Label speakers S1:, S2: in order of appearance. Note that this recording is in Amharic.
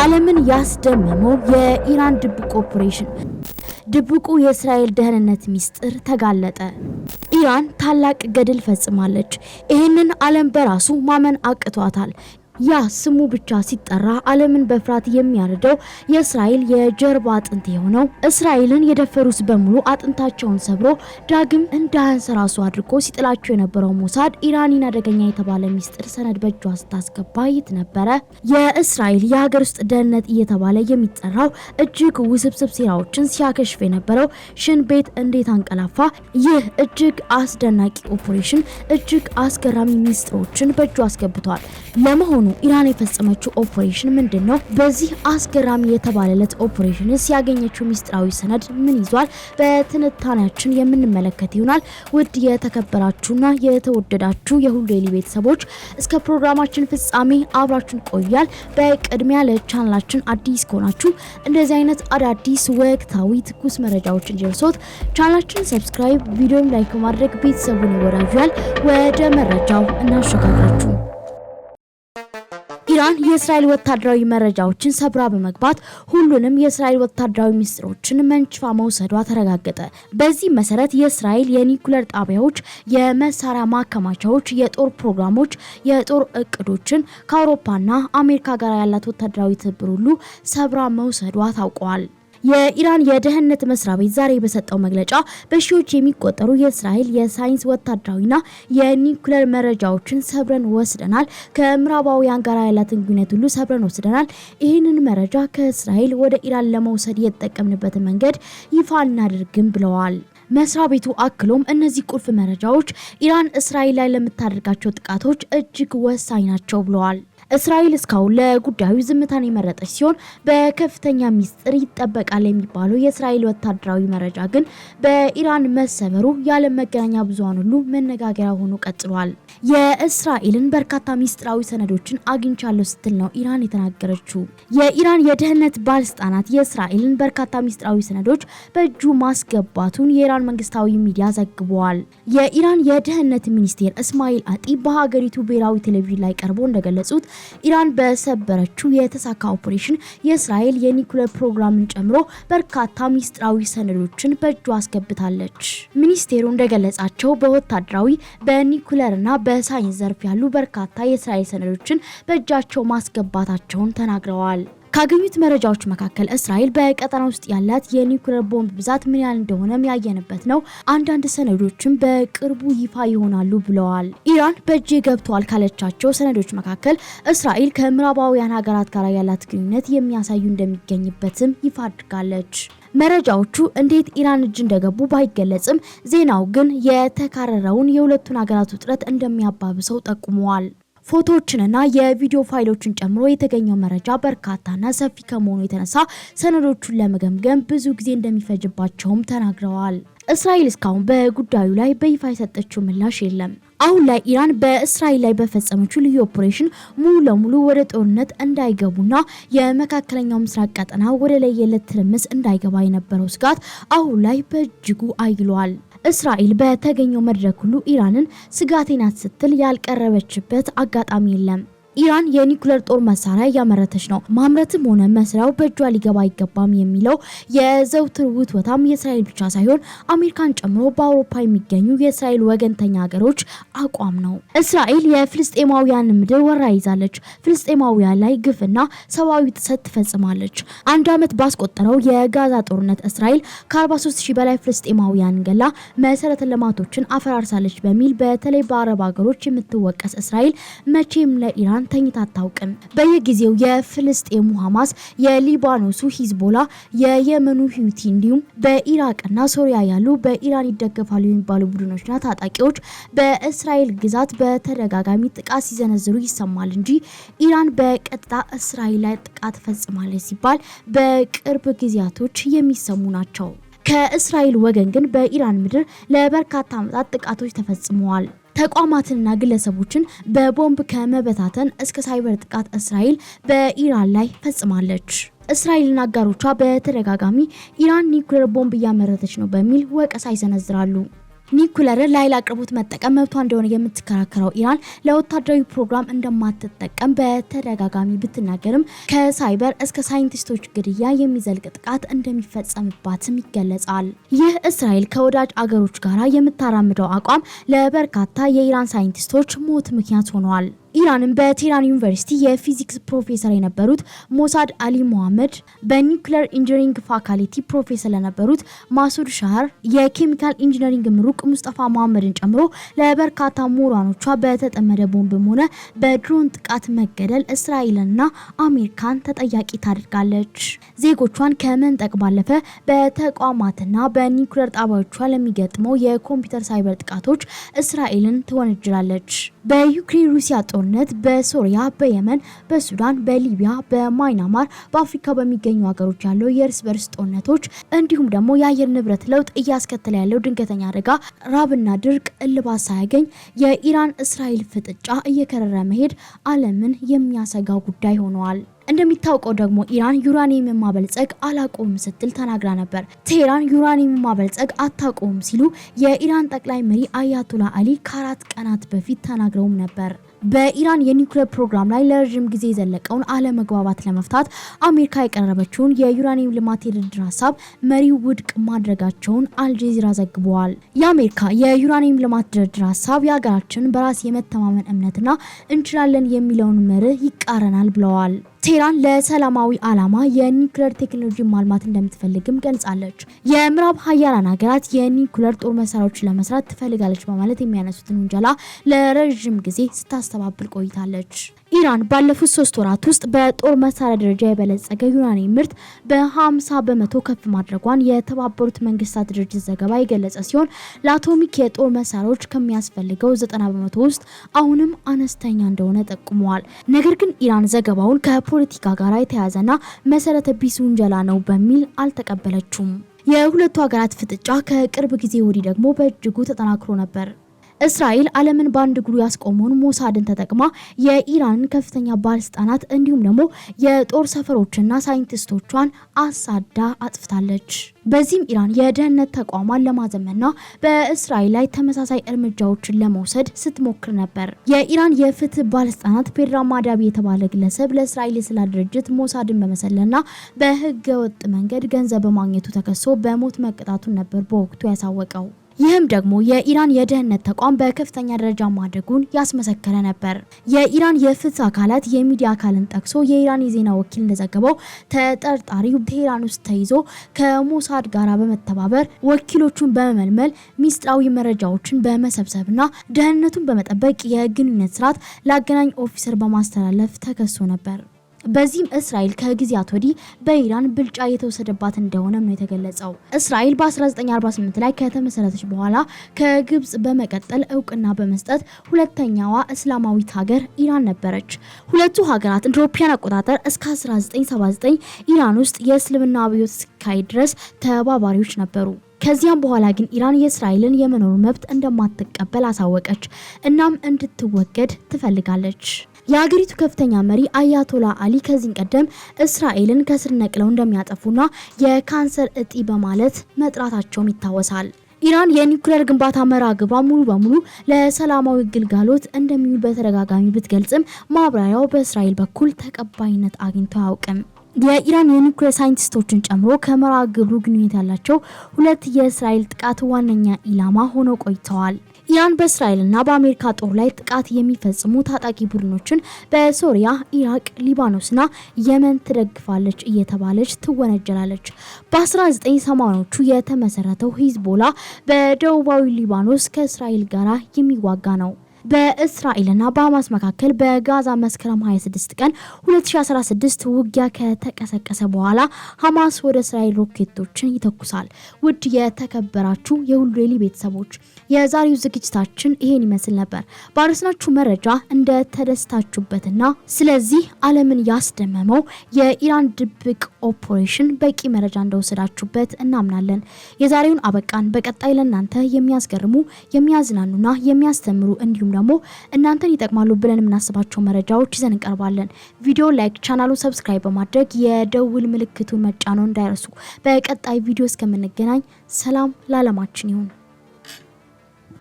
S1: ዓለምን ያስደመመው የኢራን ድብቅ ኦፕሬሽን ድብቁ የእስራኤል ደህንነት ሚስጥር ተጋለጠ። ኢራን ታላቅ ገድል ፈጽማለች። ይህንን ዓለም በራሱ ማመን አቅቷታል። ያ ስሙ ብቻ ሲጠራ ዓለምን በፍርሃት የሚያርደው የእስራኤል የጀርባ አጥንት የሆነው እስራኤልን የደፈሩት በሙሉ አጥንታቸውን ሰብሮ ዳግም እንዳያንሰራሱ አድርጎ ሲጥላቸው የነበረው ሞሳድ ኢራኒን አደገኛ የተባለ ሚስጥር ሰነድ በእጇ ስታስገባ ይት ነበረ። የእስራኤል የሀገር ውስጥ ደህንነት እየተባለ የሚጠራው እጅግ ውስብስብ ሴራዎችን ሲያከሽፍ የነበረው ሽን ቤት እንዴት አንቀላፋ? ይህ እጅግ አስደናቂ ኦፕሬሽን እጅግ አስገራሚ ሚስጥሮችን በእጁ አስገብቷል። ለመሆኑ ኢራን የፈጸመችው ኦፕሬሽን ምንድን ነው? በዚህ አስገራሚ የተባለለት ኦፕሬሽንስ ያገኘችው ሚስጥራዊ ሰነድ ምን ይዟል? በትንታኔያችን የምንመለከት ይሆናል። ውድ የተከበራችሁና የተወደዳችሁ የሁሉ ዴይሊ ቤተሰቦች እስከ ፕሮግራማችን ፍጻሜ አብራችን ቆያል። በቅድሚያ ለቻናላችን አዲስ ከሆናችሁ እንደዚህ አይነት አዳዲስ ወቅታዊ ትኩስ መረጃዎች እንዲደርሶት ቻናላችን ሰብስክራይብ፣ ቪዲዮም ላይክ በማድረግ ቤተሰቡን ይወዳጁ። ወደ መረጃው እናሸጋግራችሁ። ኢራን የእስራኤል ወታደራዊ መረጃዎችን ሰብራ በመግባት ሁሉንም የእስራኤል ወታደራዊ ሚስጥሮችን መንጭፋ መውሰዷ ተረጋገጠ። በዚህ መሰረት የእስራኤል የኒኩለር ጣቢያዎች፣ የመሳሪያ ማከማቻዎች፣ የጦር ፕሮግራሞች፣ የጦር እቅዶችን ከአውሮፓና አሜሪካ ጋር ያላት ወታደራዊ ትብብር ሁሉ ሰብራ መውሰዷ ታውቋል። የኢራን የደህንነት መስሪያ ቤት ዛሬ በሰጠው መግለጫ በሺዎች የሚቆጠሩ የእስራኤል የሳይንስ ወታደራዊና የኒውክሌር መረጃዎችን ሰብረን ወስደናል። ከምዕራባውያን ጋር ያላትን ግንኙነት ሁሉ ሰብረን ወስደናል። ይህንን መረጃ ከእስራኤል ወደ ኢራን ለመውሰድ የተጠቀምንበትን መንገድ ይፋ እናደርግም ብለዋል። መስሪያ ቤቱ አክሎም እነዚህ ቁልፍ መረጃዎች ኢራን እስራኤል ላይ ለምታደርጋቸው ጥቃቶች እጅግ ወሳኝ ናቸው ብለዋል። እስራኤል እስካሁን ለጉዳዩ ዝምታን የመረጠች ሲሆን በከፍተኛ ሚስጥር ይጠበቃል የሚባለው የእስራኤል ወታደራዊ መረጃ ግን በኢራን መሰበሩ የዓለም መገናኛ ብዙኃን ሁሉ መነጋገሪያ ሆኖ ቀጥሏል። የእስራኤልን በርካታ ሚስጥራዊ ሰነዶችን አግኝቻለሁ ስትል ነው ኢራን የተናገረችው። የኢራን የደህንነት ባለስልጣናት የእስራኤልን በርካታ ሚስጥራዊ ሰነዶች በእጁ ማስገባቱን የኢራን መንግስታዊ ሚዲያ ዘግበዋል። የኢራን የደህንነት ሚኒስቴር እስማኤል አጢ በሀገሪቱ ብሔራዊ ቴሌቪዥን ላይ ቀርቦ እንደገለጹት ኢራን በሰበረችው የተሳካ ኦፕሬሽን የእስራኤል የኒኩሌር ፕሮግራምን ጨምሮ በርካታ ሚስጥራዊ ሰነዶችን በእጇ አስገብታለች። ሚኒስቴሩ እንደገለጻቸው በወታደራዊ በኒኩሌርና በሳይንስ ዘርፍ ያሉ በርካታ የእስራኤል ሰነዶችን በእጃቸው ማስገባታቸውን ተናግረዋል። ካገኙት መረጃዎች መካከል እስራኤል በቀጠና ውስጥ ያላት የኒውክሌር ቦምብ ብዛት ምን ያህል እንደሆነም ያየንበት ነው። አንዳንድ ሰነዶችም በቅርቡ ይፋ ይሆናሉ ብለዋል። ኢራን በእጅ ገብተዋል ካለቻቸው ሰነዶች መካከል እስራኤል ከምዕራባውያን ሀገራት ጋር ያላት ግንኙነት የሚያሳዩ እንደሚገኝበትም ይፋ አድርጋለች። መረጃዎቹ እንዴት ኢራን እጅ እንደገቡ ባይገለጽም ዜናው ግን የተካረረውን የሁለቱን ሀገራት ውጥረት እንደሚያባብሰው ጠቁመዋል። ፎቶዎችንና የቪዲዮ ፋይሎችን ጨምሮ የተገኘው መረጃ በርካታና ሰፊ ከመሆኑ የተነሳ ሰነዶቹን ለመገምገም ብዙ ጊዜ እንደሚፈጅባቸውም ተናግረዋል። እስራኤል እስካሁን በጉዳዩ ላይ በይፋ የሰጠችው ምላሽ የለም። አሁን ላይ ኢራን በእስራኤል ላይ በፈጸመችው ልዩ ኦፕሬሽን ሙሉ ለሙሉ ወደ ጦርነት እንዳይገቡና የመካከለኛው ምስራቅ ቀጠና ወደ ለየለት ትርምስ እንዳይገባ የነበረው ስጋት አሁን ላይ በእጅጉ አይሏል። እስራኤል በተገኘው መድረክ ሁሉ ኢራንን ስጋቴ ናት ስትል ያልቀረበችበት አጋጣሚ የለም። ኢራን የኒኩሌር ጦር መሳሪያ እያመረተች ነው። ማምረትም ሆነ መስሪያው በእጇ ሊገባ አይገባም የሚለው የዘውትር ውትወታም የእስራኤል ብቻ ሳይሆን አሜሪካን ጨምሮ በአውሮፓ የሚገኙ የእስራኤል ወገንተኛ ሀገሮች አቋም ነው። እስራኤል የፍልስጤማውያን ምድር ወራ ይዛለች። ፍልስጤማውያን ላይ ግፍና ሰብአዊ ጥሰት ትፈጽማለች። አንድ ዓመት ባስቆጠረው የጋዛ ጦርነት እስራኤል ከ43 ሺህ በላይ ፍልስጤማውያን ገላ መሰረተ ልማቶችን አፈራርሳለች በሚል በተለይ በአረብ ሀገሮች የምትወቀስ እስራኤል መቼም ለኢራን ተኝታ አታውቅም። በየጊዜው የፍልስጤሙ ሐማስ፣ የሊባኖሱ ሂዝቦላ፣ የየመኑ ሂውቲ እንዲሁም በኢራቅና ሶሪያ ያሉ በኢራን ይደገፋሉ የሚባሉ ቡድኖችና ታጣቂዎች በእስራኤል ግዛት በተደጋጋሚ ጥቃት ሲዘነዝሩ ይሰማል እንጂ ኢራን በቀጥታ እስራኤል ላይ ጥቃት ፈጽማለች ሲባል በቅርብ ጊዜያቶች የሚሰሙ ናቸው። ከእስራኤል ወገን ግን በኢራን ምድር ለበርካታ ዓመታት ጥቃቶች ተፈጽመዋል። ተቋማትንና ግለሰቦችን በቦምብ ከመበታተን እስከ ሳይበር ጥቃት እስራኤል በኢራን ላይ ፈጽማለች። እስራኤልና አጋሮቿ በተደጋጋሚ ኢራን ኒውክሌር ቦምብ እያመረተች ነው በሚል ወቀሳ ይሰነዝራሉ። ኒኩለርን ለኃይል አቅርቦት መጠቀም መብቷ እንደሆነ የምትከራከረው ኢራን ለወታደራዊ ፕሮግራም እንደማትጠቀም በተደጋጋሚ ብትናገርም ከሳይበር እስከ ሳይንቲስቶች ግድያ የሚዘልቅ ጥቃት እንደሚፈጸምባትም ይገለጻል። ይህ እስራኤል ከወዳጅ አገሮች ጋር የምታራምደው አቋም ለበርካታ የኢራን ሳይንቲስቶች ሞት ምክንያት ሆኗል። ኢራንን በቴህራን ዩኒቨርሲቲ የፊዚክስ ፕሮፌሰር የነበሩት ሞሳድ አሊ ሞሐመድ በኒውክሌር ኢንጂነሪንግ ፋካሊቲ ፕሮፌሰር ለነበሩት ማሱድ ሻር የኬሚካል ኢንጂነሪንግ ምሩቅ ሙስጠፋ መሐመድን ጨምሮ ለበርካታ ምሁራኖቿ በተጠመደ ቦምብም ሆነ በድሮን ጥቃት መገደል እስራኤልንና አሜሪካን ተጠያቂ ታደርጋለች። ዜጎቿን ከመንጠቅ ባለፈ በተቋማትና በኒውክሌር ጣቢያዎቿ ለሚገጥመው የኮምፒውተር ሳይበር ጥቃቶች እስራኤልን ትወነጅላለች። በዩክሬን ሩሲያ ጦርነት በሶሪያ፣ በየመን፣ በሱዳን፣ በሊቢያ፣ በማይናማር፣ በአፍሪካ በሚገኙ ሀገሮች ያለው የእርስ በርስ ጦርነቶች እንዲሁም ደግሞ የአየር ንብረት ለውጥ እያስከተለ ያለው ድንገተኛ አደጋ፣ ራብና ድርቅ እልባት ሳያገኝ የኢራን እስራኤል ፍጥጫ እየከረረ መሄድ ዓለምን የሚያሰጋ ጉዳይ ሆኗል። እንደሚታወቀው ደግሞ ኢራን ዩራኒየም የማበልጸግ አላቆም ስትል ተናግራ ነበር። ቴህራን ዩራኒየም የማበልጸግ አታቆም ሲሉ የኢራን ጠቅላይ መሪ አያቶላ አሊ ከአራት ቀናት በፊት ተናግረውም ነበር። በኢራን የኒውክሌር ፕሮግራም ላይ ለረዥም ጊዜ የዘለቀውን አለመግባባት ለመፍታት አሜሪካ የቀረበችውን የዩራኒየም ልማት የድርድር ሀሳብ መሪው ውድቅ ማድረጋቸውን አልጀዚራ ዘግበዋል። የአሜሪካ የዩራኒየም ልማት ድርድር ሀሳብ የሀገራችን በራስ የመተማመን እምነትና እንችላለን የሚለውን መርህ ይቃረናል ብለዋል። ቴህራን ለሰላማዊ ዓላማ የኒውክሌር ቴክኖሎጂ ማልማት እንደምትፈልግም ገልጻለች። የምዕራብ ሀያላን ሀገራት የኒውክሌር ጦር መሳሪያዎች ለመስራት ትፈልጋለች በማለት የሚያነሱትን ውንጀላ ለረዥም ጊዜ ስታስተባብል ቆይታለች። ኢራን ባለፉት ሶስት ወራት ውስጥ በጦር መሳሪያ ደረጃ የበለጸገ ዩራኒየም ምርት በ50 በመቶ ከፍ ማድረጓን የተባበሩት መንግስታት ድርጅት ዘገባ የገለጸ ሲሆን ለአቶሚክ የጦር መሳሪያዎች ከሚያስፈልገው 90 በመቶ ውስጥ አሁንም አነስተኛ እንደሆነ ጠቁመዋል። ነገር ግን ኢራን ዘገባውን ከፖለቲካ ጋር የተያያዘና መሰረተ ቢስ ውንጀላ ነው በሚል አልተቀበለችውም። የሁለቱ ሀገራት ፍጥጫ ከቅርብ ጊዜ ወዲህ ደግሞ በእጅጉ ተጠናክሮ ነበር። እስራኤል ዓለምን በአንድ እግሩ ያስቆመውን ሞሳድን ተጠቅማ የኢራን ከፍተኛ ባለስልጣናት እንዲሁም ደግሞ የጦር ሰፈሮችና ሳይንቲስቶቿን አሳዳ አጥፍታለች። በዚህም ኢራን የደህንነት ተቋሟን ለማዘመንና በእስራኤል ላይ ተመሳሳይ እርምጃዎችን ለመውሰድ ስትሞክር ነበር። የኢራን የፍትህ ባለስልጣናት ፔድራ ማዳቢ የተባለ ግለሰብ ለእስራኤል የስለላ ድርጅት ሞሳድን በመሰለና በህገ ወጥ መንገድ ገንዘብ በማግኘቱ ተከሶ በሞት መቀጣቱን ነበር በወቅቱ ያሳወቀው። ይህም ደግሞ የኢራን የደህንነት ተቋም በከፍተኛ ደረጃ ማደጉን ያስመሰከረ ነበር። የኢራን የፍትህ አካላት የሚዲያ አካልን ጠቅሶ የኢራን የዜና ወኪል እንደዘገበው ተጠርጣሪው ቴህራን ውስጥ ተይዞ ከሞሳድ ጋር በመተባበር ወኪሎቹን በመመልመል ሚስጥራዊ መረጃዎችን በመሰብሰብና ደህንነቱን በመጠበቅ የግንኙነት ስርዓት ለአገናኝ ኦፊሰር በማስተላለፍ ተከሶ ነበር። በዚህም እስራኤል ከጊዜያት ወዲህ በኢራን ብልጫ የተወሰደባት እንደሆነም ነው የተገለጸው። እስራኤል በ1948 ላይ ከተመሰረተች በኋላ ከግብጽ በመቀጠል እውቅና በመስጠት ሁለተኛዋ እስላማዊት ሀገር ኢራን ነበረች። ሁለቱ ሀገራት እንደ አውሮፓውያን አቆጣጠር እስከ 1979 ኢራን ውስጥ የእስልምና አብዮት እስኪካሄድ ድረስ ተባባሪዎች ነበሩ። ከዚያም በኋላ ግን ኢራን የእስራኤልን የመኖር መብት እንደማትቀበል አሳወቀች። እናም እንድትወገድ ትፈልጋለች። የሀገሪቱ ከፍተኛ መሪ አያቶላ አሊ ከዚህ ቀደም እስራኤልን ከስር ነቅለው እንደሚያጠፉና የካንሰር እጢ በማለት መጥራታቸውም ይታወሳል። ኢራን የኒውክሌር ግንባታ መርሃ ግብሯ ሙሉ በሙሉ ለሰላማዊ ግልጋሎት እንደሚውል በተደጋጋሚ ብትገልጽም ማብራሪያው በእስራኤል በኩል ተቀባይነት አግኝቶ አያውቅም። የኢራን የኒውክሌር ሳይንቲስቶችን ጨምሮ ከመርሃ ግብሩ ግንኙነት ያላቸው ሁለት የእስራኤል ጥቃት ዋነኛ ኢላማ ሆነው ቆይተዋል። ኢራን በእስራኤልና በአሜሪካ ጦር ላይ ጥቃት የሚፈጽሙ ታጣቂ ቡድኖችን በሶሪያ፣ ኢራቅ፣ ሊባኖስና የመን ትደግፋለች እየተባለች ትወነጀላለች። በ1980ዎቹ የተመሰረተው ሂዝቦላ በደቡባዊ ሊባኖስ ከእስራኤል ጋር የሚዋጋ ነው። በእስራኤልና በሀማስ መካከል በጋዛ መስከረም 26 ቀን 2016 ውጊያ ከተቀሰቀሰ በኋላ ሀማስ ወደ እስራኤል ሮኬቶችን ይተኩሳል። ውድ የተከበራችሁ የሁሉ ዴይሊ ቤተሰቦች የዛሬው ዝግጅታችን ይሄን ይመስል ነበር። ባረስናችሁ መረጃ እንደተደስታችሁበትና ስለዚህ ዓለምን ያስደመመው የኢራን ድብቅ ኦፕሬሽን በቂ መረጃ እንደወሰዳችሁበት እናምናለን። የዛሬውን አበቃን። በቀጣይ ለእናንተ የሚያስገርሙ የሚያዝናኑና የሚያስተምሩ እንዲሁም ደግሞ እናንተን ይጠቅማሉ ብለን የምናስባቸው መረጃዎች ይዘን እንቀርባለን። ቪዲዮ ላይክ፣ ቻናሉ ሰብስክራይብ በማድረግ የደውል ምልክቱን መጫኖ እንዳይረሱ። በቀጣይ ቪዲዮ እስከምንገናኝ ሰላም ለዓለማችን ይሁን።